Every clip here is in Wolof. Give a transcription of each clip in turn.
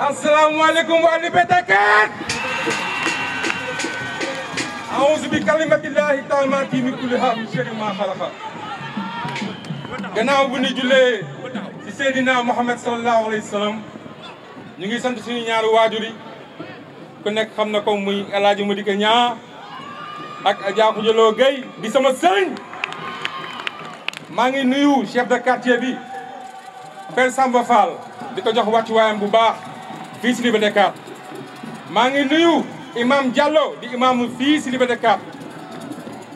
asalaamualeykum waa Liberté 4 awuzu bi kalimatillahi taamaati min kulli haam sharri maa xalaqa gannaaw bu ñu jullee ci Seydina Muhammad sallallahu alayhi wa sallam ñu ngi sant si ñaari waajur yi ku nekk xam na ko muy El Hadj Madické Niang ak Adja Khoudia Lo Gueye di sama sëriñ maa ngi nuyu chef de quartier bi Père Samba Fall di ko jox wàccuwaayam bu baax fii si Liberté maa ngi nuyu imam Diallo di imaamu fii si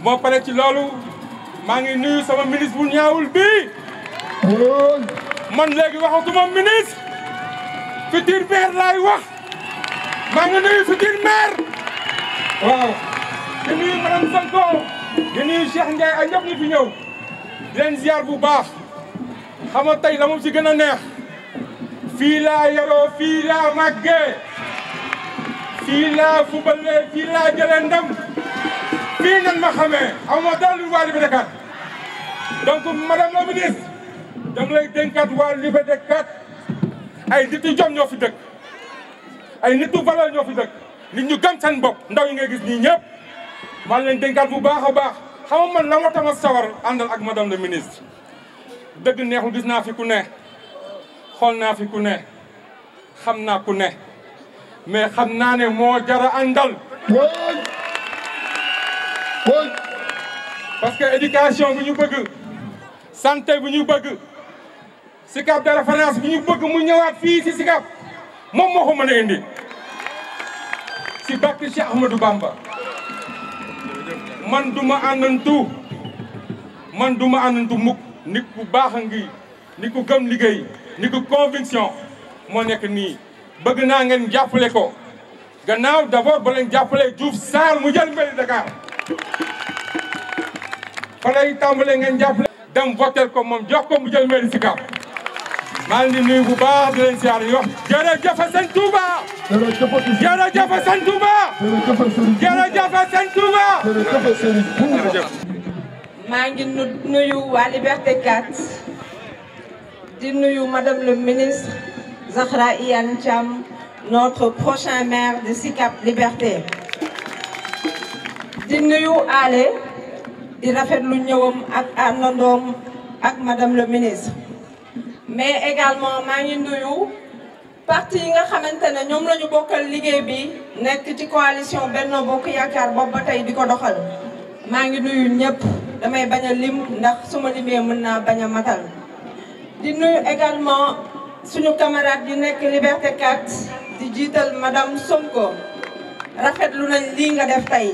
moo pare ci loolu maa ngi nuyu sama ministre bu ñaawul bii man léegi waxatuma ministre futur maire laay wax maa ngi nuyu futur maire waaw di nuyu madame Sanko nuyu fi ñëw di leen ziar bu baax xam nga tey la moom ci gën a neex fii laa yaroo fii laa màggee fii laa fubalee fii laa jëlee ndam fii nan ma waa Liberté 4 donc madame la ministre dama lay dénkaat waa Liberté 4 ay nit yu jom ñoo fi dëkk ay nit yu ñoo fi dëkk nit ñu gëm san bopp ndaw yi ngay gis ni ñëpp maa ngi bu baax a baax xam ma tama sawar àndal ak madame la ministre dëgg neexul gis naa fi ne xool naa fi ku ne xam naa ku ne mais xam naa ne moo jara àndal parce que éducation bu ñu bëgg sante bu ñu bëgg Sicap de référence bu ñu bëgg mu ñëwaat fii si Sicap moom moo ko mën a indi si bàkki Cheikh Ahmadou Bamba man duma àndantu man duma àndantu mukk nit ku baax ngi ni ku gëm liggéey ni ku conviction moo nekk nii bëgg naa ngeen jàppale ko gannaaw d'abord ba leen jàppale Diouf Sarr mu jël mbiri Dakar fa lay tàmbalee ngeen jàppale dem votel ko moom jox mu jël mbiri Sicap maa ngi nuyu bu baax di leen siyaar yi wax jërëjëf sëñ Touba jërëjëf sëñ Touba maa ngi nuyu di nuyu madame le ministre Zahra Iyane Thiam notre prochain maire de Sicap Liberté di nuyu ale di rafetlu ñëwam ak àndandoom ak madame le ministre mais également maa ngi nuyu parti yi nga xamante ne ñoom la ñu bokkal liggéey bi nekk ci coalition Benno Bokk Yaakaar boobu ba tey di ko doxal maa ngi nuyu ñëpp damay bañ a lim ndax su ma limee mën naa bañ a matal di nuyu également suñu camarade yu nekk Liberté di jiital madame Sonko rafetlu nañ lii nga def tey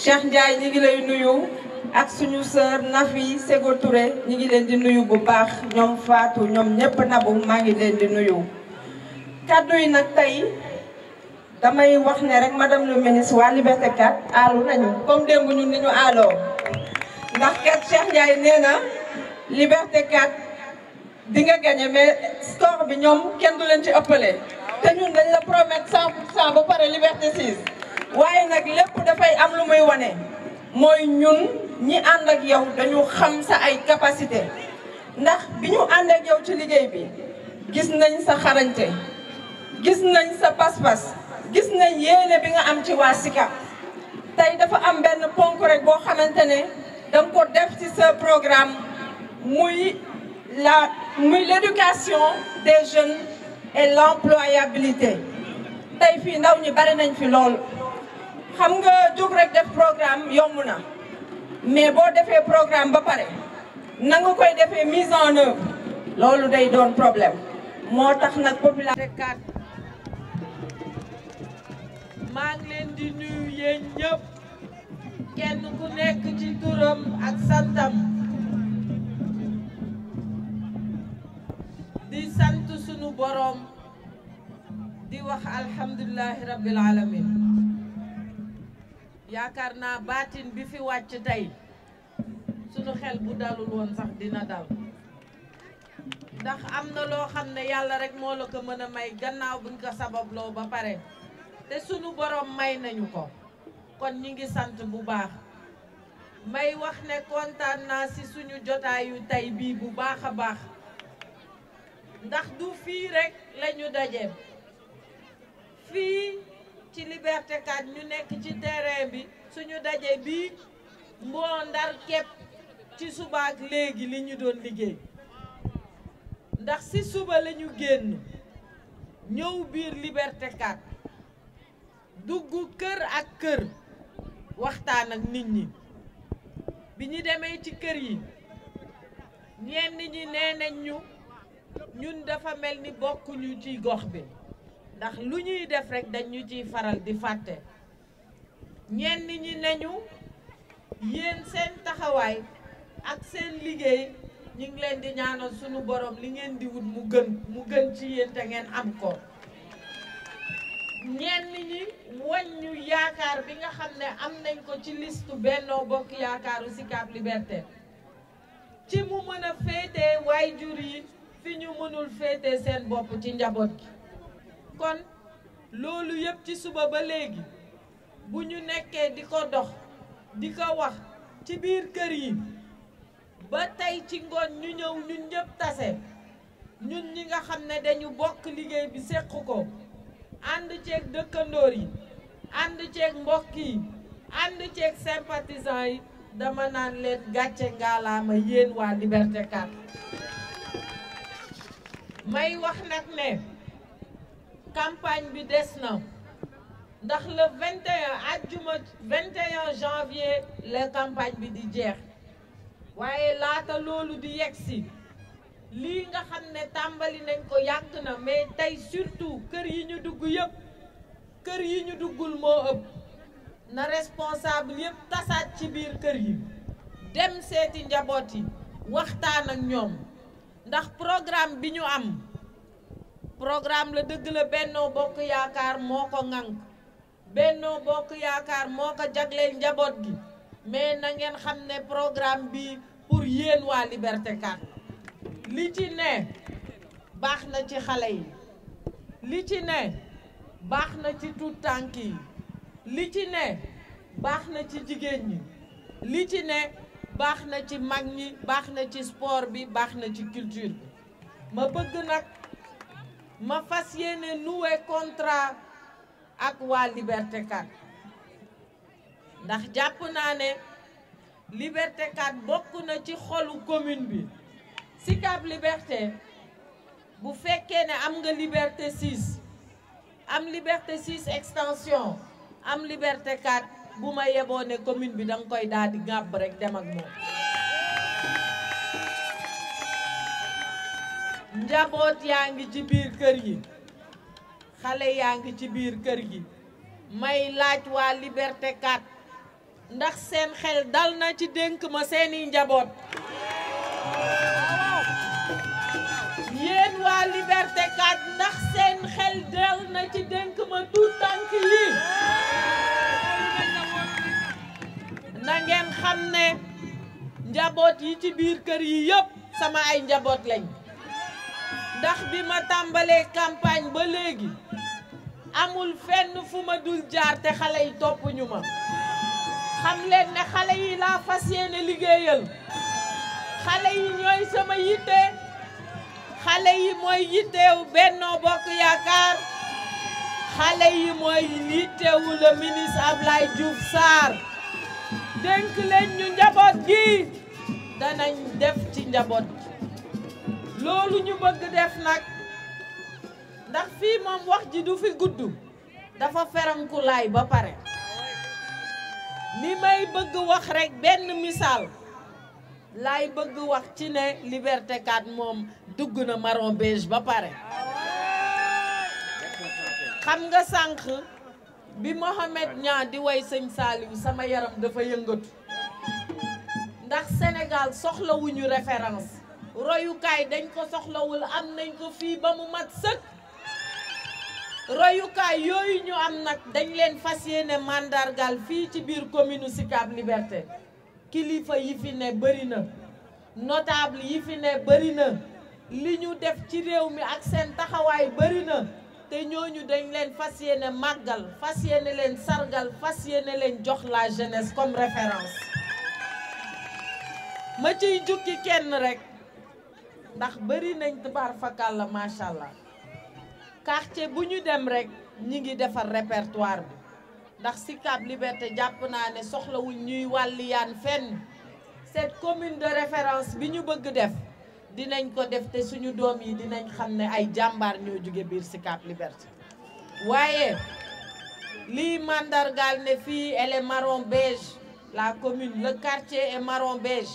Cheikh Ndiaye ñi ngi lay nuyu ak suñu sœur Nafi Sego Touré ñi ngi leen di nuyu bu baax ñoom Fatou ñoom ñépp nabu maa ngi leen di nuyu kàddu yi nag tey damay wax ne rek madame le ministre waa Liberté 4 aalu nañu comme démb ñun ni ñu aaloo ndax kat Cheikh Ndiaye nee na Liberté 4 di nga gagné mais score bi ñoom kenn du leen ci ëppale te ñun dañ la promettre 100 pour cent ba pare Liberté 6 waaye nag lépp dafay am lu muy wane mooy ñun ñi ànd ak yow dañu xam sa ay capacité ndax bi ñu ànd ak yow ci liggéey bi gis nañ sa xarañte gis nañ sa pas-pas gis nañ yéene bi nga am ci waa Sicap tey dafa am benn ponk rek boo xamante ne danga ko def ci sa programme muy l'éducation des jeunes et l'employabilité tey fii ndaw ñi bari nañ fi lool xam nga jóg rek def programme yomb na mais boo defee programme ba pare na nga koy defee mise en œuvre loolu day doon problème moo tax nag population maa ngi leen di nuyu yéen ñëpp kenn ku nekk ci turam ak santam boroom di wax alhamdulilahi rabbil yaakaar naa baatin bi fi wàcc tey sunu xel bu dalul woon sax dina dal ndax am na loo xam ne yàlla rekk moo la ko mën a may gannaaw buñ ko sababloo ba pare te sunu boroom may nañu ko kon ñi ngi sant bu baax may wax ne kontaan naa ci suñu jotaayu tey bii bu baax a baax ndax du fii rekk lañu ñu daje fii ci Liberté 4 ñu nekk ci terrain bi suñu daje bii mboo ndar képp ci suba ak léegi li ñu doon liggéey ndax ci suba lañu ñu génn ñëw biir Liberté 4 dugg kër ak kër waxtaan ak nit ñi bi ñu demee ci kër yi ñenn ñi nee ñu ñun dafa mel ni bokkuñu ci gox bi ndax lu ñuy def rekk dañu ñu ciy faral di fàtte ñenn ñi nañu yéen seen taxawaay ak seen liggéey ñu ngi leen di ñaanal sunu boroom li ngeen di wut mu gën mu gën ci yéen te ngeen am ko ñenn ñi wàññu yaakaar bi nga xam ne am nañ ko ci liste Benno Bokk Yaakaaru Sicap Liberté ci mu mën a féete waajur yi fi ñu mënul féete seen bopp ci njaboot gi kon loolu yëpp ci suba ba léegi bu ñu nekkee di ko dox di ko wax ci biir kër yi ba tey ci ngoon ñu ñëw ñun ñëpp tase ñun ñi nga xam ne dañu bokk liggéey bi séq ko ànd ceeg dëkkandoor yi ànd ceeg mbokk yi ànd ceeg seen sympathisant yi dama naan leen gàcce ngaalaama yéen waa Liberté 4 may wax nag ne campagne bi des na ndax le 21 àjjuma 21 janvier la campagne bi di jeex waaye laata loolu di yegsi lii nga xam ne tàmbali nañ ko yàgg na mais tey surtout kër yi ñu dugg yëpp kër yi ñu duggul moo ëpp na responsable yëpp tasaat ci biir kër yi dem seeti njaboot yi waxtaan ak ñoom ndax programme bi ñu am programme la dëgg la Benno Bokk Yaakaar moo ko ŋànk Benno Bokk Yaakaar moo ko jagleel njaboot gi mais na ngeen xam ne programme bi pour yéen waa Liberté 4 li ci ne baax na ci xale yi li ci ne baax na ci tuut tànk yi li ci ne baax na ci jigéen ñi li ci ne baax na ci mag ñi baax na ci sport bi baax na ci culture bi ma bëgg nag ma fas yéene we contra ak waa Liberté ndax jàpp naa ne Liberté 4 bokk na ci xolu commune bi Sicap Liberté bu fekkee ne am nga Liberté 6 am Liberté 6 extension am Liberté bu ma yeboo ne commune bi danga koy daal di ngàbb rek dem ak moom njaboot yaa ngi ci biir kër yi xale yaa ngi ci biir kër gi may laaj waa Liberté ndax seen xel dal na ci dénk ma seeni njaboot yéen waa Liberté 4 ndax seen xel dal na ci dénk ma tuut yi xam ne njaboot yi ci biir kër yi yëpp sama ay njaboot lañ ndax bi ma tàmbalee campagne ba léegi amul fenn fu ma dul jaar te xale yi topp ñu ma ne xale yi laa fas yéene liggéeyal xale yi ñooy sama yitte xale yi mooy yitteewu Benno Bokk Yaakaar xale yi mooy yitteewu le ministre Ablaye Diouf Sarr dénk leen ñu njaboot gi danañ def ci njaboot gi loolu ñu bëgg def nag ndax fii moom wax ji du fi gudd dafa ferankulaay ba pare li may bëgg wax rekk benn misaal laay bëgg wax ci ne Liberté 4 moom dugg na marron beige ba pare xam nga sànq bi Mohamed Niang di way sëñ Saliou sama yaram dafa yëngatu ndax Sénégal soxlawuñu référence royukaay dañ ko soxlawul am nañ ko fii ba mu mat sëkk royukaay yooyu am nag dañ leen fas yéene màndargal fii ci biir commune Sicap Liberté kilifa yi fi ne bëri na notable yi fi ne bëri na li ñu def ci réew mi ak seen taxawaay bëri na te ñooñu dañ leen fas yéene màggal fas yéene leen sargal fas yéene leen jox la jeunesse comme référence ma ciy jukki kenn rek ndax bëri nañ tabaar fakal la macha allah quartier bu ñu dem rek ñi ngi defar répertoire bi ndax Sicap Liberté jàpp naa ne soxlawuñ ñuy wàlliyaan fenn cette commune de référence bi ñu bëgg def dinañ ko def te suñu doom yi dinañ xam ne ay jàmbaar ñoo jóge biir Sicap Liberté waaye lii mandargaal ne fii elle est marron la commune le quartier est marron beige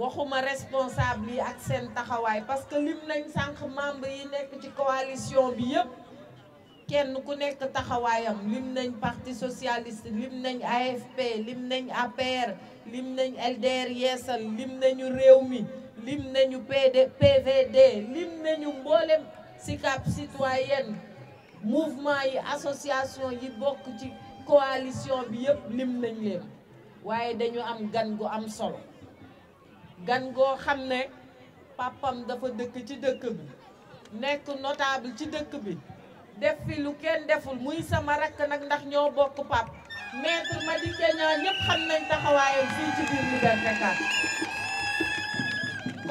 waxuma responsable yi ak seen taxawaay parce que lim nañ sànq membre yi nekk ci coalition bi yépp kenn ku nekk taxawaayam lim nañ parti socialiste lim nañ AFP lim nañ APR lim nañ LDR Yeesal lim nañu réew mi lim nañu PD PVD lim nañu mboolem SICAP citoyenne mouvement yi association yi bokk ci coalition bi yëpp lim nañ leen waaye dañu am gan gu am solo gan goo xam ne papam dafa dëkk ci dëkk bi nekk notable ci dëkk bi def fi lu kenn deful muy sama rakk nag ndax ñoo bokk pap maître Madické Niang ñëpp xam nañ taxawaayam fii ci biir Liberté 4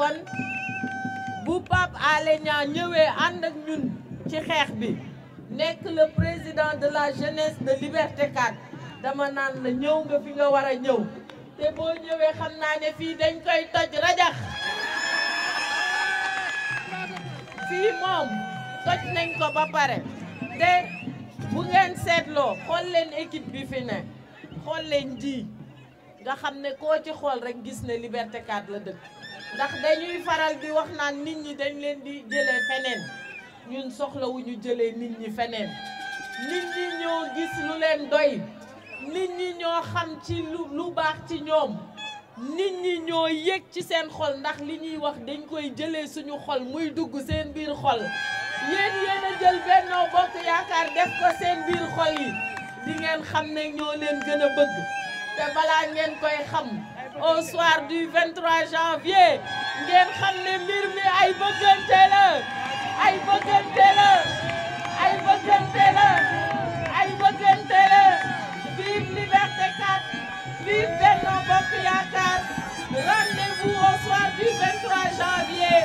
kon bu Pape Alé Niang ñëwee ànd ak ñun ci xeex bi nekk le président de la jeunesse de Liberté 4 dama naan la ñëw nga fi nga war a ñëw te boo ñëwee xam naa ne fii dañ koy toj rajax fii moom toj nañ ko ba pare te bu seetloo xool leen équipe bi fi ne xool leen ji nga xam ne koo ci xool rek gis ne Liberté 4 la dëkk ndax dañuy faral di wax naan nit ñi dañ leen di jëlee feneen ñun soxlawuñu jëlee nit ñi feneen nit ñi ñoo gis lu leen doy nit ñi ñoo xam ci lu lu baax ci ñoom nit ñi ñoo yëg ci seen xol ndax li ñuy wax dañ koy jëlee suñu xol muy dugg seen biir xol yéen yéen a jël Benno Bokk Yaakaar def ko seen biir xol yi di xam ne ñoo leen gën a bëgg te balaa ngeen koy xam au soir du 23 janvier ngeen xam ne mbir mi ay bëggante la ay bëggante la ay bëggante la ay bëggante la vive Liberté 4 vive Benno Bokk Yaakaar rendez-vous au soir du 23 janvier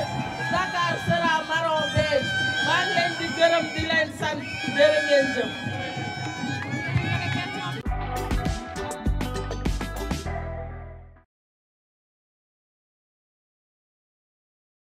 Dakar sera marron beige maa ngi di gërëm di leen sant jërë